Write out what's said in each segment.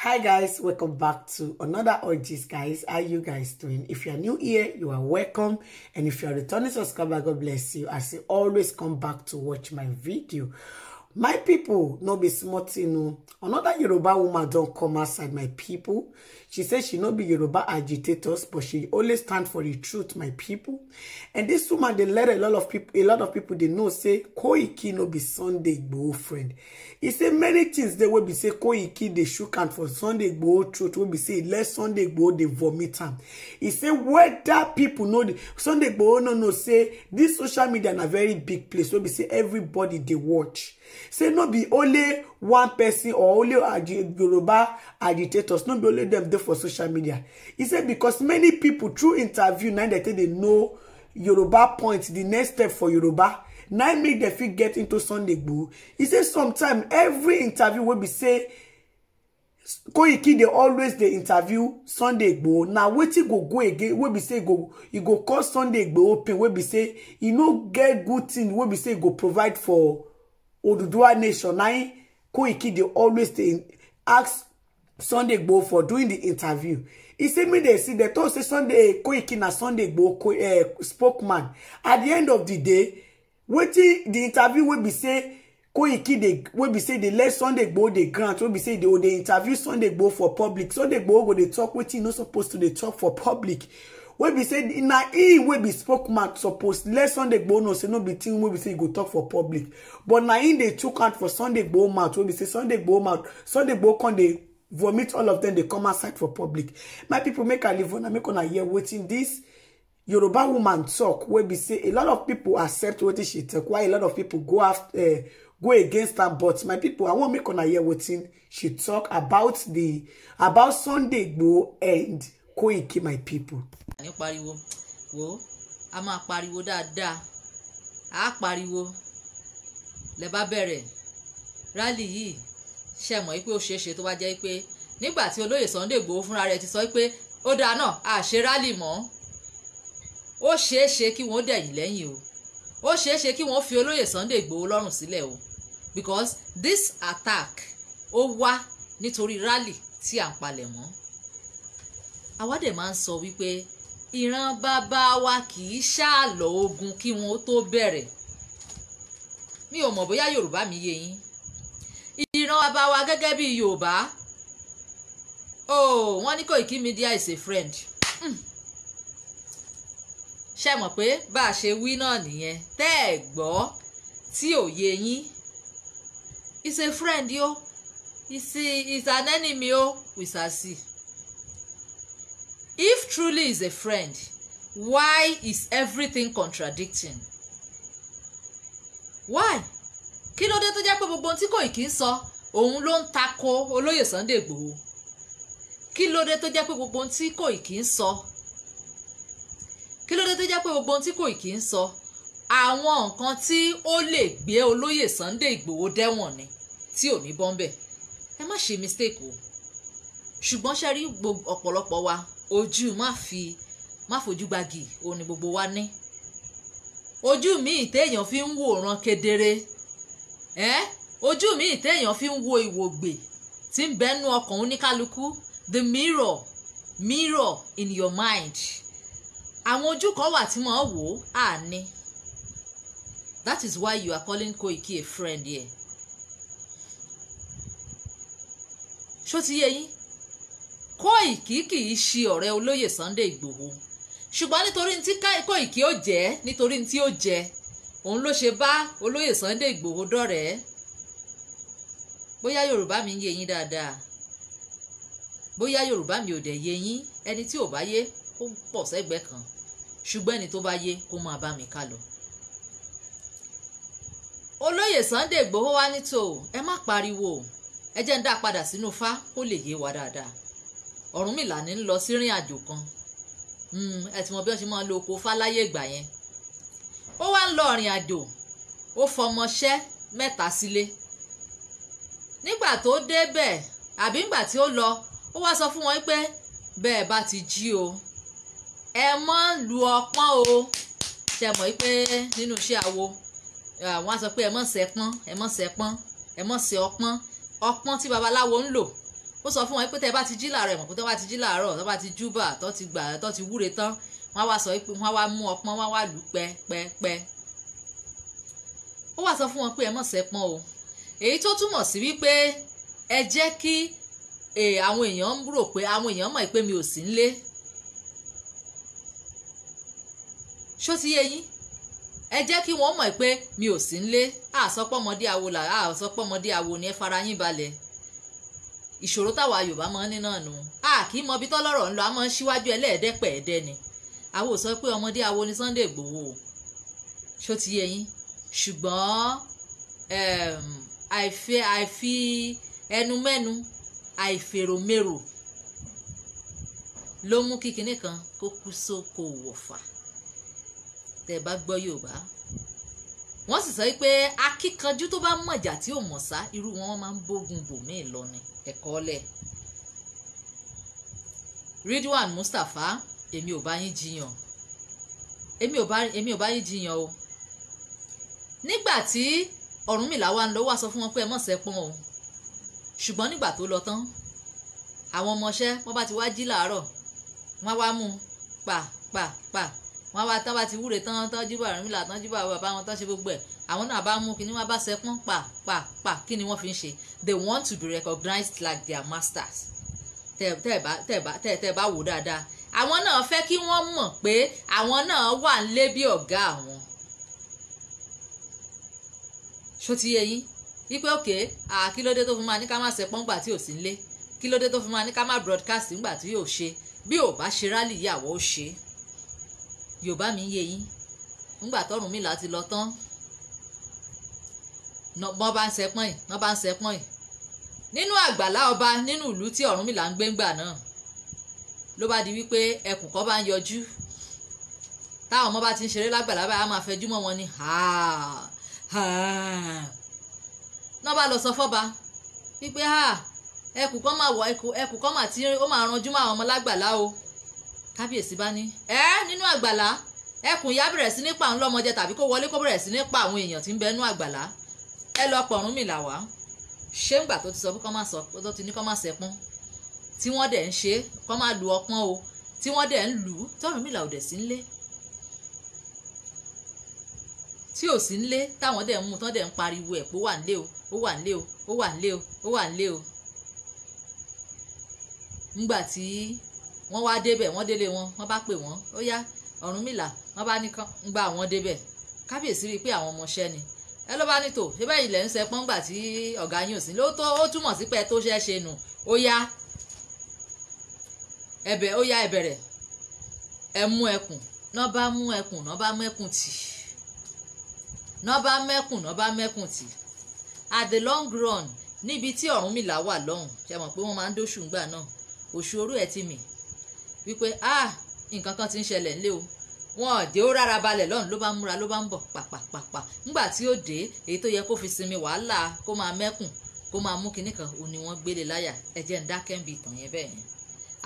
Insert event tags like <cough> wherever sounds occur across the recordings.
hi guys welcome back to another orgies guys how you guys doing if you are new here you are welcome and if you are returning subscriber god bless you as you always come back to watch my video my people no be small thing o another yoruba woman don't come outside my people She says she no be Yoruba agitators, but she always stand for the truth, my people. And this woman, they let a lot of people, a lot of people they know say Koiki no be Sunday Igboho friend. He say many things they will be say Koiki they shook and for Sunday Igboho truth will be say let Sunday Igboho they vomit him. He say whether people know the, Sunday Igboho no no say this social media a very big place will be say everybody they watch. Say no be only one person or only Yoruba agitators, not only them there for social media. He said because many people through interview now they they know Yoruba points, the next step for Yoruba. Now make them fit get into Sunday boo. He said sometimes every interview will be say Koiki dey always dey interview Sunday Igboho. Na wetin go go again wey be say go e go call Sunday Igboho pain wey be say e no get good thing wey be say e go provide for Oduduwa nation. Na Koiki dey always dey ask Sunday Igboho for doing the interview. He say me they see they talk say Sunday Koiki na Sunday Igboho uh, spokesman. At the end of the day, wetin the interview wey be say Koiki dey wey be say dey let Sunday Igboho dey grant wey be say dey dey interview Sunday Igboho for public. Sunday Igboho go dey talk wetin e no suppose to dey talk for public wey be say na him wey be spokesman suppose let sunday gboo know say no be thing wey be say he go talk for public but na him dey chook hand for sunday gboo mouth wey be say sunday gboo mouth sunday gboo come dey vomit all of them, dey come outside for public my people make i leave una make una hear wetin this yoruba woman talk. wey be say a lot of people accept wetin she talk. Why a lot of people go after eh, go against her but my people, i wan make una hear wetin she talk about the about sunday igboho end Koiki my people. àní pariwo wo a máa pariwo dáadáa a pariwo lẹ bá bẹ̀rẹ̀ rálì yìí ṣe mọ̀ pé ó ṣeé ṣe tó bá jẹ́ pé nígbà tí olóyè Sunday Igboho fúnra rẹ̀ ti sọ pé ó dáa náà a ṣe rálì mọ́ ó ṣeé ṣe kí wọ́n dẹ̀yìn lẹ́yìn o ó ṣeé ṣe kí wọ́n fi olóyè Sunday Igboho lọ́rùn sílẹ̀ o because this attack ó wá nítorí rálì tí à ń palẹ̀ mọ́ àwa dẹ̀ máa ń sọ wípé ìran bàbá wa kì í ṣàlọ̀ ogun kí wọn ó tó bẹ̀rẹ̀ mi ò mọ̀ bóyá yorùbá mi yé yín ìran bàbá wa gẹ́gẹ́ bí yorùbá oh wọ́n ní Koiki Media is a friend hmm. ṣe mọ̀ pé bá a ṣe wí náà nìyẹn tẹ́ ẹ̀ gbọ́ tí ò yé yín is a friend yo is, is an enemy yo we shall see if truly is a friend why is everything contradicting why kí ló dé tó jẹ́ pé gbogbo ohun tí Koiki ń sọ òun ló ń tako olóyè Sunday Igboho kí ló dé tó jẹ́ pé gbogbo ohun tí Koiki ń sọ kí ló dé tó jẹ́ pé gbogbo ohun tí Koiki ń sọ àwọn nǹkan tí ó lè gbé olóyè Sunday Igboho dẹ́wọ̀n ni tí ò ní bọ́ńbẹ̀ ẹ má ṣe mistake o ṣùgbọ́n ṣe rí ọ̀pọ̀lọpọ̀ wa ojú má fi má fojú gbági òun ni gbogbo wa ní ojú míì téèyàn fi ń wòran kedere ẹ ojú míì téèyàn fi ń wo ìwògbè tí ń bẹ́nu ọkàn oníkálukú the mirror mirror in your mind àwọn ojú kan wà tí wọ́n wò á ní that is why you are calling Koiki a friend here ṣó ti yé yín Koiki kì í ṣe ọ̀rẹ́ olóyè Sunday Ìgbòho ṣùgbọ́n nítorí tí Koiki ó jẹ́ nítorí tí ó jẹ́ òun ló ṣe bá olóyè Sunday Ìgbòho dọ̀rẹ́ bóyá Yorùbá mi ń yé yín dáadáa bóyá Yorùbá mi ò dẹ̀ yé yín ẹni tí ò bá yé kó pọ̀ sẹ́gbẹ̀ẹ́ kan ṣùgbọ́n ẹni tó bá yé kó máa bá mi ká lọ. olóyè Sunday Ìgbòho wá ní tò ẹ má pariwo ẹ jẹ́ ń dá padà sínú fá kó lè yé wa dáadáa Ọ̀rúnmìlà ní ń lọ sí rìn àjò kan hmm, ẹ ti mọ bí wọ́n ṣe máa lo oko fáláyé ìgbà yẹn ó wá ń lọ rìn àjò ó fọmọṣẹ́ mẹ́ta sílé nígbà tó débẹ̀ àbí nígbà tí ó lọ ó wá sọ fún wọn pé bẹ́ẹ̀ bá ti jí o ẹ mọ́ lu ọpọ́n o ṣe mọ̀ pé nínú iṣẹ́ awo àwọn á sọ pé ẹ mọ̀ sẹ́pọ́n ẹ mọ̀ sẹ́pọ́n ẹ mọ̀ sẹ́ ọpọ́n ọpọ́n tí babaláwo ń lò ó sọ fún wọn pé tẹ́ bá ti jí làárọ̀ ẹ̀mọ̀ pé tẹ́ bá ti jí làárọ̀ tọ́ bá ti júbà tọ́ ti gbà tọ́ ti wúre tán wọ́n wá sọ pé wọ́n wá mú ọpọ́n wọ́n wá lù pẹ́pẹ́pẹ́ ó wá sọ fún wọn pé ẹ mọ̀ sẹ́pọ́n o èyí tó túmọ̀ sí wípé ẹ jẹ́ kí àwọn èèyàn ń rò pé àwọn èèyàn mọ̀ pé mi ò sí nílé ṣó ti yé yín ẹ jẹ́ kí wọ́n mọ̀ pé mi ò sí nílé àsọpọ̀mọdé awo là àsọpọ̀mọdé awo ni ẹ fara yín balẹ̀ ìṣòro táwa yorùbá máa ń ní náà nù a kì í mọ ibi tọ́lọ́rọ̀ ń lọ a máa ń ṣíwájú ẹlẹ́ẹ̀dẹ́pẹ̀ẹ́dẹ́ ni àwo sọ pé ọmọdé awo ni Sunday Igboho ṣó ti yé yín ṣùgbọ́n àìfẹ́ àìfi ẹnu mẹ́nu àìfèròmérò ló mú kí kinní kan kó kú sóko wọ̀fà tẹ̀ bá gbọ́ yorùbá wọ́n sì sọ pé akíkanjú tó bá mọ̀jà tí ò mọ̀ sá irú wọn máa ń bógun bòmíì lọ ni ẹ̀kọ́ lẹ̀ Ridwan Mustapha èmi ò bá yín jiyàn èmi ò bá èmi ò bá yín jiyàn o nígbà tí Ọ̀rúnmìlà wa ń lọ wá sọ fún wọn pé ẹ mọ̀sẹ̀ pọ́n o ṣùgbọ́n nígbà tó lọ tán àwọn ọmọọṣẹ́ wọ́n bá ti wá jí làárọ̀ wọ́n wá mú pa pa pa wọn wá tán bá ti wúre tán tán jí bàbá Ọ̀rúnmìlà tán jí bàbá bàbá wọn tán ṣe gbogbo ẹ̀ àwọn náà bá mú kíní wọn bá sẹpọ́n pa pa pa kí ni wọ́n fi ń ṣe they want to be recognized like their masters tẹ tẹ bá tẹ bá tẹ tẹ bá wò dáadáa àwọn náà fẹ́ kí wọ́n mọ̀ pé àwọn náà wà nílé bí ọ̀gá àwọn ṣó ti yẹ yín wípé òkè àkílódé tó fi máa ní ká má sẹpọ́n gbà tí ò sí nílé kílódé tó fi máa ní ká má broadcast ńgbà tí yóò ṣe bí ò bá ṣe rálì ìyàwó ṣe yorùbá mi yé yín ńgbà tọrùn mi láti lọ tán wọ́n bá ń sẹpọ́n yìí wọ́n bá ń sẹpọ́n yìí nínú àgbàlá ọba nínú ìlú tí Ọ̀rúnmìlà ń gbé ńgbà náà ló bá di wípé ẹkùn kan bá ń yọjú táwọn ọmọ bá ti ń ṣeré lágbàlá báyìí máa fẹjú wọn ni náà bá lọ sọ fọ́ba wípé ẹkùn kan máa wọ ẹkùn kan máa ti ó máa ranjú mọ́ ọmọ lágbàlá o kábíyèsí bá ní ẹ nínú àgbàlá ẹkùn ìyá bẹ̀rẹ̀ sí ní pa àwọn lọ́mọdé tàbí kó wọlé kó bẹ̀rẹ̀ sí ní pa àwọn èèyàn tí ń bẹ nú àgbàlá ẹ lọ pọ̀ Ọ̀rúnmìlà wá ṣé ńgbà tó ti sọ pé kọ́ máa sọ tó ti ní kọ́ máa sẹ́pọ́n tí wọ́n dẹ̀ ń ṣe kọ́ máa lu ọpọ́n o tí wọ́n dẹ̀ ń lù ú tí Ọ̀rúnmìlà ò dẹ̀ sí ńlé tí ò sí ńlé táwọn dẹ̀ ń mú tán dẹ̀ ń pariwo ẹ̀ pé ó wà ńlé o ó wà ńlé o ó wà ńlé o ó wà ńlé o ńgbà tí wọ́n wá débẹ̀ wọ́n délé wọn wọ́n bá pè wọ́n ó yá Ọ̀rúnmìlà wọ́n bá ní kán gba àwọn débẹ̀ kábíyèsí rí i pé àwọn ọmọọṣẹ́ ni ẹ ló bá ní tò ṣé bẹ́ẹ̀ ilẹ̀ ń sẹ pọ́ngbà tí ọ̀gá yín ò sí lóòótọ́ ó túmọ̀ sí pé tó ṣẹ́ ṣe nù ó yá ẹbẹ̀ ó yá ẹbẹ̀ rẹ̀ ẹ mú ẹkùn ná bá mú ẹkùn ná bá mẹ́kùn tì ná bá mẹ́kùn ná bá mẹ́kùn tì at the long run níbi tí Ọ̀rúnmìlà wà lọ́hùn ṣe mọ̀ pé wọ́n máa ń dóṣù ńgbà náà òṣù orú ẹ̀ ti mì wípé ah nǹkan kan ti ń ṣẹlẹ̀ ńlẹ́ o wọn ò dé ó rárá balẹ̀ lọ́run ló bá ń múra ló bá ń bọ̀ pàpàpàpà nígbà tí ó dé èyí tó yẹ kó fi sinmi wàhálà kó máa mẹ́kùn kó máa mú kinní kan òun ni wọ́n gbélé láyà ẹ jẹ́ ń dákẹ́ ń bi ìtàn yẹn bẹ́ẹ̀ yẹn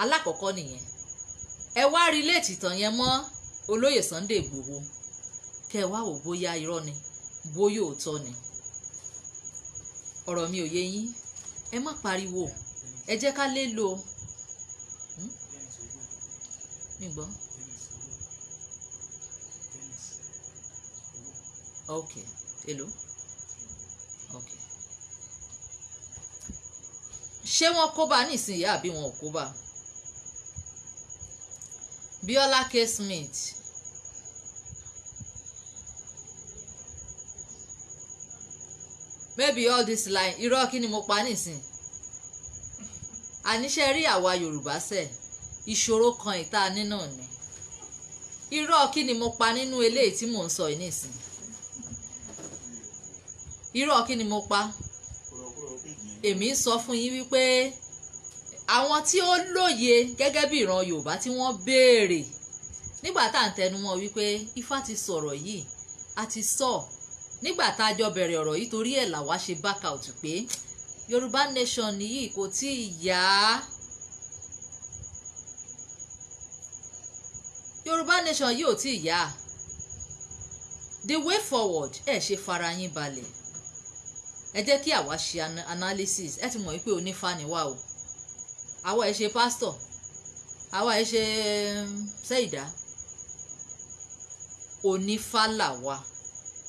alákọ̀ọ́kọ́ nìyẹn ẹ wá rí léètì ìtàn yẹn mọ́ olóyè Sunday Igboho kẹ ẹ wá wò bóyá irọ́ ni bóyá òótọ́ ni ọ̀rọ̀ mi ò yé yín ẹ má pariwo ẹ jẹ́ ká lè lo mi gbọ́. ok èlò ok ṣé wọ́n kóbá nísìnyí àbí wọn ò kóbá Bíọ́lá K Smith maybe all this line irọ́ kí ni mo pa nísìn àníṣe rí àwa Yorùbá sẹ́ẹ̀ ìṣòro kan ìta nínú ni irọ́ kí ni mo pa nínú eléyìí tí mò ń sọ yìí irọ́ kí ni mo pa èmi ń sọ fún yín wípé àwọn tí ó lóye gẹ́gẹ́ bí ìran Yorùbá tí wọ́n béèrè nígbà tá à ń tẹnumọ́ wípé Ifá ti sọ̀rọ̀ yìí a ti sọ nígbà tá a jọ bẹ̀rẹ̀ ọ̀rọ̀ yìí torí ẹ̀ làwa ṣe back out pé Yorùbá nation nìyí kò tí ì yá yorùbá nation yìí ò tí ì yá the way forward ẹ ṣe fara yín balẹ̀ ẹ jẹ́ kí àwa ṣe analysis ẹ ti mọ̀ wípé onífà ni o àwa ẹ ṣe pastor àwa ẹ ṣe sẹ́yìdá onífà là wa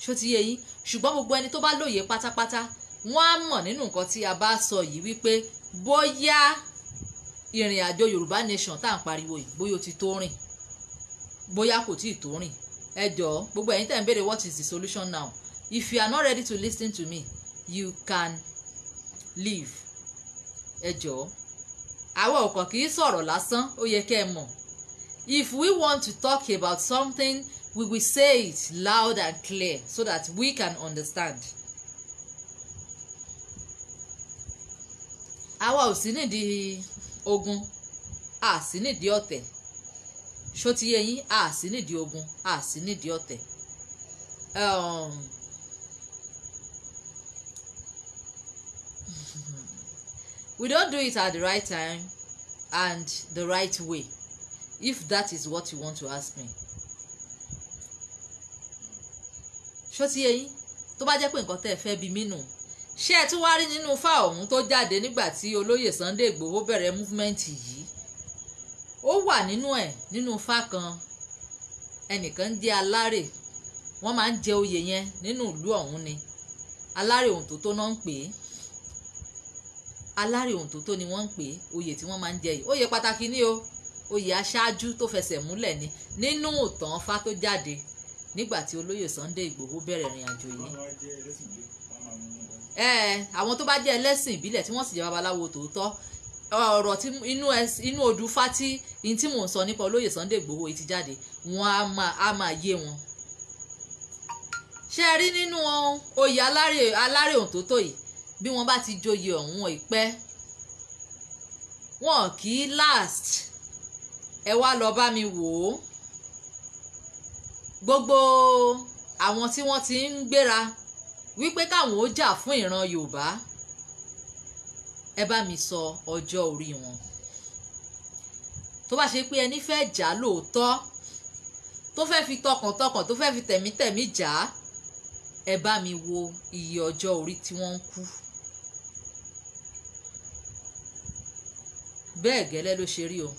ṣó ti yé yín ṣùgbọ́n gbogbo ẹni tó bá lóye pátápátá wọ́n á mọ̀ nínú nǹkan tí a bá sọ yìí wípé bóyá ìrìn àjò yorùbá nation tá à ń pariwo yìí bóyá ó ti tó rìn bóyá kò tí ì tó rìn ẹ jọ̀ọ́ gbogbo ẹ̀yin tẹ̀ ń béèrè what is the solution now if you are not ready to listen to me you can leave ẹ jọ̀ọ́ àwa ọ̀kan kì í sọ̀rọ̀ lásán ó yẹ kẹ́ ẹ mọ̀ if we want to talk about something we will say it loud and clear so that we can understand. àwa ò sí nídìí ogun a sì nídìí ọ̀tẹ̀ ṣó ti a sì nídìí ogun a sì nídìí ọ̀tẹ̀ um, <laughs> we don do it at the right time and the right way if that is what you want to ask me ṣó ti tó bá jẹ́ pé nǹkan tẹ́ ẹ fẹ́ bí mí ṣé ẹ tún wá rí nínú fáwọn ọ̀hún tó jáde nígbà tí olóyè Sunday Igboho bẹ̀rẹ̀ múfúmẹ́ǹtì yìí ó wà nínú ẹ̀ nínú ifá kan ẹnìkan ń jẹ́ alárè wọ́n máa ń jẹ oyè yẹn nínú ìlú ọ̀hún ni alárè òǹtótó náà ń pè é alárè òǹtótó ni wọ́n ń pè é oyè tí wọ́n máa ń jẹ yìí oyè pàtàkì ni o oyè aṣáájú tó fẹsẹ̀ múlẹ̀ ni nínú ìtàn fá tó jáde nígbà tí olóyè Sunday Ìgbòho bẹ̀rẹ̀ ìrìn àjò yìí ẹ àwọn tó bá jẹ́ ẹlẹ́sìn ìbílẹ̀ tí wọ́n sì jẹ́ babaláwo tòótọ́ ọ̀rọ̀ tí inú inú odù fati in tí mò ń sọ nípa olóyè Sunday Igboho ti jáde wọn á máa yé wọn. ṣé rí nínú oyè alárè alárè òǹtótó yìí bí wọ́n bá ti joyè ọ̀hún ìpẹ́ wọn kì í last ẹ wá lọ bá mi wò ó gbogbo àwọn tí wọ́n ti ń gbéra wípé káwọn ó jà fún ìran Yorùbá ẹ bá mi sọ ọjọ́ orí wọn tó bá ṣe pé ẹni fẹ́ jà lóòótọ́ tó fẹ́ fi tọkàntọkàn tó fẹ́ fi tẹ̀mítẹ̀mí jà á ẹ bá mi wo iye ọjọ́ orí tí wọ́n ń kú. bẹ́ẹ̀ gẹ́lẹ́ ló ṣe rí o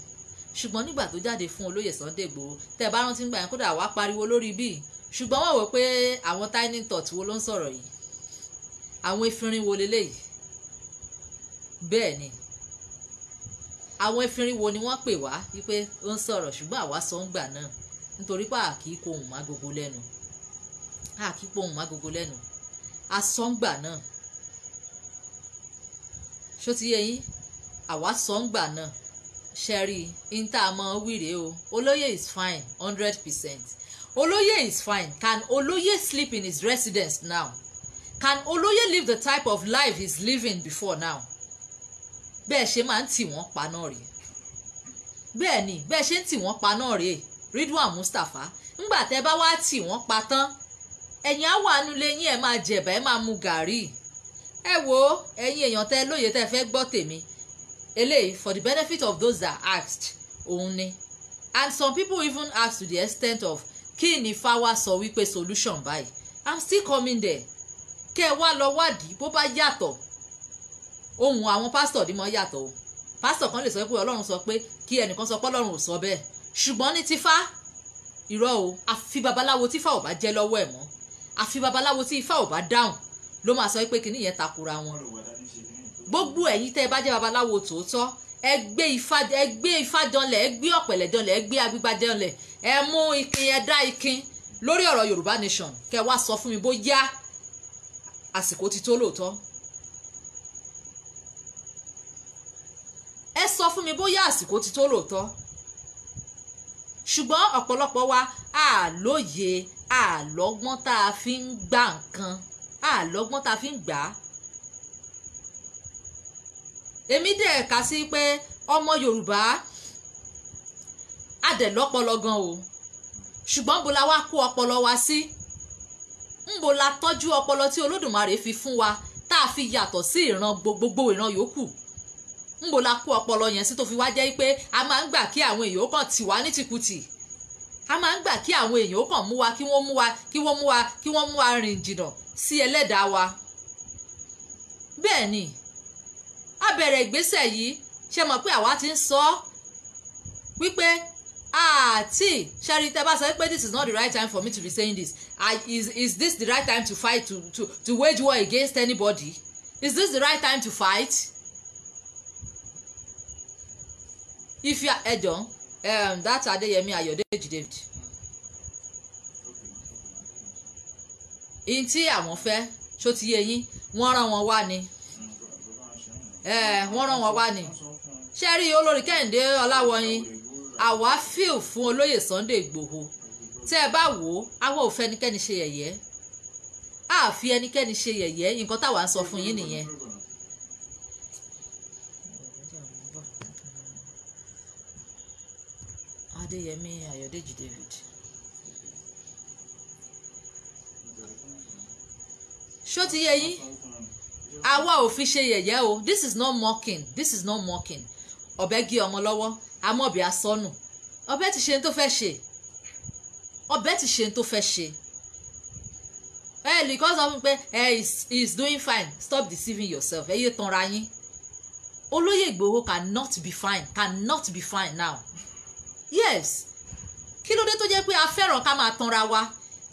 ṣùgbọ́n nígbà tó jáde fún olóyè Sunday Igboho tẹ́ ẹ bá rántí gbà yẹn kódà wàá pariwo lórí bíi ṣùgbọ́n wọ́n wò pé àwọn tiny tot wo ló ń sọ̀rọ̀ yìí àwọn efinrin wo leléyìí bẹ́ẹ̀ ni àwọn efinrin wo ni wọ́n pè wá wípé ó ń sọ̀rọ̀ ṣùgbọ́n àwa sọ ń gbà náà nítorí pé àkì í pohùn má gogo lẹ́nu àkì í pohùn má gogo lẹ́nu asọ́ngbà náà ṣó ti yẹ yín àwa sọ́ngbà náà ṣẹ́rí níta mọ́ wíre o olóyè is fine hundred percent olóyè is fine can olóyè sleep in his residence now can olóyè live the type of life he's living before now bẹ́ẹ̀ ṣe máa ń tì wọ́n pa náà rèé bẹ́ẹ̀ ni bẹ́ẹ̀ ṣe ń tì wọ́n pa náà rèé Ridwan Mustapha ńgbà tẹ́ bá wá tì wọ́n pa tán ẹ̀yin á wà nulẹ̀ yín ẹ̀ máa jẹ̀bà ẹ̀ máa mu gàárì ẹ wo ẹ̀yin èèyàn tẹ́ lóye tẹ́ fẹ́ gbọ́ tèmi eléyìí for the benefit of those that asked òun ni and some people even ask to the extent of kí ni fáwa sọ wípé solution báyìí i'm still coming there kẹ́ ẹ wá lọ wádìí bó bá yàtọ̀ ohun àwọn pásítọ̀ dímọ̀ yàtọ̀ o pásítọ̀ kan lè sọ pé ọlọ́run sọ pé kí ẹnìkan sọ pé ọlọ́run ò sọ bẹ́ẹ̀ ṣùgbọ́n ní tífá irọ́ o àfi babaláwo tífá ò bá jẹ́ lọ́wọ́ ẹ̀ mọ́ àfi babaláwo tí ifá ò bá dáhùn ló máa sọ pé kinní yẹn takora wọn gbogbo ẹ̀yin tẹ́ ẹ bá jẹ́ babaláwo tòótọ́ ẹ gbé ifá ẹ gbé ifá janlẹ̀ ẹ gbé ọ̀pẹ̀lẹ̀ janlẹ̀ ẹ gbé agbígba janlẹ̀ ẹ mú ikin ẹ dá ikin lórí ọ̀rọ̀ Yorùbá Nation kẹ wá sọ fún mi bóyá àsìkò ti tó lóòótọ́ ẹ sọ fún mi bóyá àsìkò ti tó lóòótọ́ ṣùgbọ́n ọ̀pọ̀lọpọ̀ wa àlóye àlọ́gbọ́n tá a fi ń gbà nǹkan àlọ́gbọ́n tá a fi ń gbà á èmi dẹ̀ kà sí pé ọmọ Yorùbá adẹ̀ lọ́pọlọ gan o ṣùgbọ́n bó la wá kó ọpọlọ wa sí ń bó la tọ́jú ọpọlọ tí Olódùmarè fi fún wa tá a fi yàtọ̀ sí ìran gbogbogbò ìran yòókù ń bò la kó ọpọlọ yẹn sí tó fi wá jẹ́ pé a máa ń gbà kí àwọn èèyàn ó kàn tì wá ní tìkùtì a máa ń gbà kí àwọn èèyàn kàn mú wa kí wọ́n mú wa kí wọ́n mú wa kí wọ́n mú wa rìn jìnnà sí ẹlẹ́dàá wa bẹ́ẹ̀ ni a bẹ̀rẹ̀ ìgbésẹ̀ yìí ṣe mọ̀ pé àwa ti ń sọ ọ́ wípé àti ṣẹ́rí tẹ́ bá sọ pé this is not the right time for me to be saying this is, is this the right time to fight to, to, to wage war against anybody is this the right time to fight ife ẹjọ eh, um, that Adéyẹmí Ayọ̀dèjì David ihun tí àwọn fẹ́ tó ti yé yín wọ́n rán wọn wá ni eh, wọ́n rán wọn wá ni ṣé rí olórí Kẹ́hìndé Ọláwọyìn àwa fíl fún olóyè Sunday Ìgbòho tẹ́ ẹ bá wò ó àwa ò fẹ́ ẹnikẹ́ni ṣe yẹ̀yẹ́ àfi ẹnikẹ́ni ṣe yẹ̀yẹ́ nǹkan táwa ń sọ fún yín nìyẹn. adéyẹmí ayọ̀dèjì david ṣó ti yé yín àwa ò fi ṣe yẹ̀yẹ́ o this is not mocking this is not mocking ọ̀bẹ gé ọmọ lọ́wọ́ amọ̀bí asọ́nù ọ̀bẹ ti ṣe tó fẹ́ ṣe ọ̀bẹ ti ṣe tó fẹ́ ṣe ẹ lè kọ́ pé ẹ is doing fine stop deceiving yourself ẹ yé tanra yín olóyè Ìgbòho cannot be fine cannot be fine now yes kí ló dé tó jẹ́ pé a fẹ́ràn ká máa tanra wa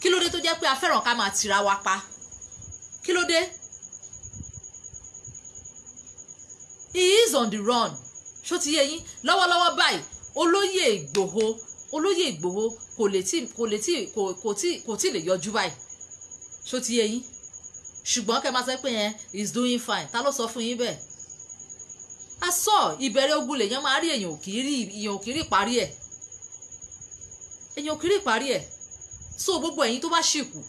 kí ló dé tó jẹ́ pé a fẹ́ràn ká máa tira wa pa kí ló dé he is on the run ṣó ti yé yín lọ́wọ́lọ́wọ́ báyìí olóyè Ìgbòho olóyè Ìgbòho kò lè tí kò lè tí kò kò tí kò tí lè yọjú báyìí ṣó ti yé yín ṣùgbọ́n kẹ́ máa sọ pé yẹn is doing fine ta ló sọ fún yín bẹ́ẹ̀ a sọ ìbẹ̀rẹ̀ ogun lèèyàn máa rí èèyàn òkìrí èèyàn òkìrí parí ẹ̀ èèyàn òkìrí parí ẹ̀ so gbogbo ẹ̀yin tó bá ṣìkù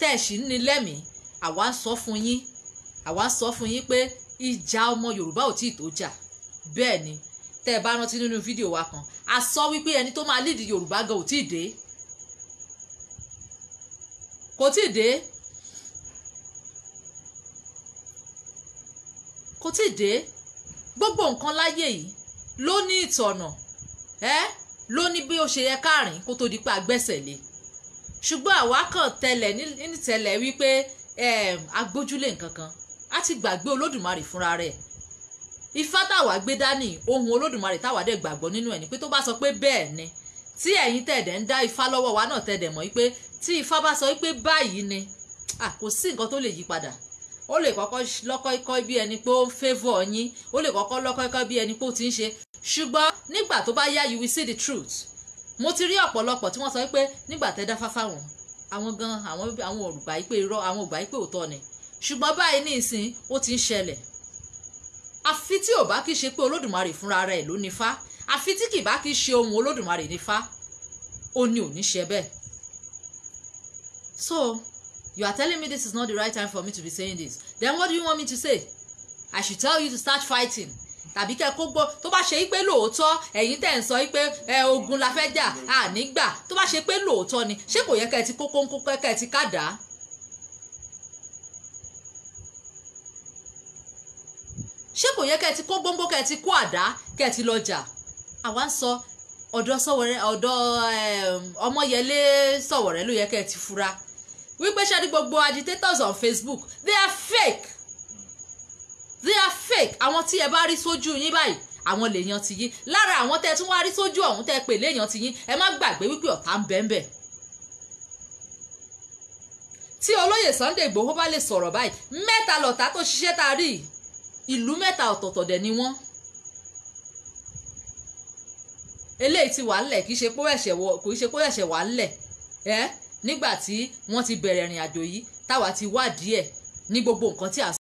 tẹ́ ẹ̀ sì ń ni lẹ́mìí àwa ń sọ fún yín àwa ń sọ fún yín pé ìjà ọmọ Yorùbá ò tí ì tó jà bẹ́ẹ̀ ni tẹ́ ẹ bá rántí nínú fídíò wa kan a sọ wípé ẹni tó máa lead Yorùbá gan ò tí ì dé kò tí ì dé kò tí ì dé gbogbo nǹkan láyé yìí ló ní ìtọ̀nà ẹ ló ní bí ó ṣe yẹ káàrin kó tó di pé agbẹ́sẹ̀ lé ṣùgbọ́n àwa kàn tẹ́lẹ̀ nítẹ̀lẹ̀ wípé agbójúlé nǹkan kan á ti gbàgbé olódùmarè fúnra rẹ̀ ifá táwa gbé dání ohun olódùmarè táwa dẹ̀ gbàgbọ́ nínú ẹ̀ ni pé tó bá sọ pé bẹ́ẹ̀ ni tí ẹ̀yin tẹ̀dẹ̀ ń dá ifá lọ́wọ́ wa náà tẹ̀dẹ̀ mọ́ wípé tí ifá bá sọ wípé báyìí ni kò sí nǹkan tó lè yí padà ó lè kọ́kọ́ lọ́kọ́ikọ́ bí ẹni pé ó ń favour yín ó lè kọ́kọ́ lọ́kọ́ikọ́ bí ẹni pé ó ti ń ṣe ṣùgbọ́n nígbà tó bá yá you will see the truth mo ti rí ọ̀pọ̀lọpọ̀ tí wọ́n sọ pé nígbà tẹ́ dá fáfá wọn àwọn gan àwọn àwọn òrùgbà yìí pé irọ́ àwọn ògbà yìí pé òótọ́ ni ṣùgbọ́n báyìí ní ìsìn ó ti ń ṣẹlẹ̀ àfi tí ò bá kí ṣe pé olódùmarè fúnra rẹ̀ ló ní fá àfi tí kì bá kí ṣe ohun olódùmarè ní fá ó ní ò ṣe bẹ́ẹ̀ so you are telling me this is not the right time for me to be saying this then what do you want me to say i should tell you to start fighting tàbí kẹ́ kó gbọ́ tó bá ṣe pé lóòótọ́ ẹ̀yin tẹ́ ń sọ pé ẹ ogun la fẹ́ jà à nígbà tó bá ṣe pé lóòótọ́ ni ṣé kò yẹ kẹ́ ti kókó ńkó kẹ́ ti kádàá. ṣé kò yẹ kẹ́ ti kó gbóngbó kẹ́ ti kó àdá kẹ́ ti lọ jà àwa ń sọ ọ̀dọ̀ Sowore ọ̀dọ̀ Ọmọyẹlé Sowore ló yẹ kẹ́ ti fura wípé ṣe ni gbogbo agitators on Facebook they are fake they are fake àwọn tí ẹ bá rí sójú yín báyìí àwọn lèèyàn ti yín lára àwọn tẹ tún wá rí sójú ọ̀hún tẹ pè léèyàn ti yín ẹ má gbàgbé wípé ọ̀tá ń bẹ́ẹ̀ bẹ́ẹ̀ tí olóyè Sunday Igboho bá lè sọ̀rọ̀ báyìí mẹ́ta lọ̀tá tó ṣiṣẹ́ ta rí ìlú mẹ́ta ọ̀tọ̀ọ̀tọ̀ dẹ̀ ni wọ́n eléyìí ti wà ńlẹ̀ kì í ṣe kó ẹ̀ṣẹ̀ wà ńlẹ̀ ẹ́ nígbà tí wọ́n ti bẹ̀rẹ̀ ìrìn àjò yìí táwa ti wádìí ẹ̀ ní gbogbo nǹkan tí a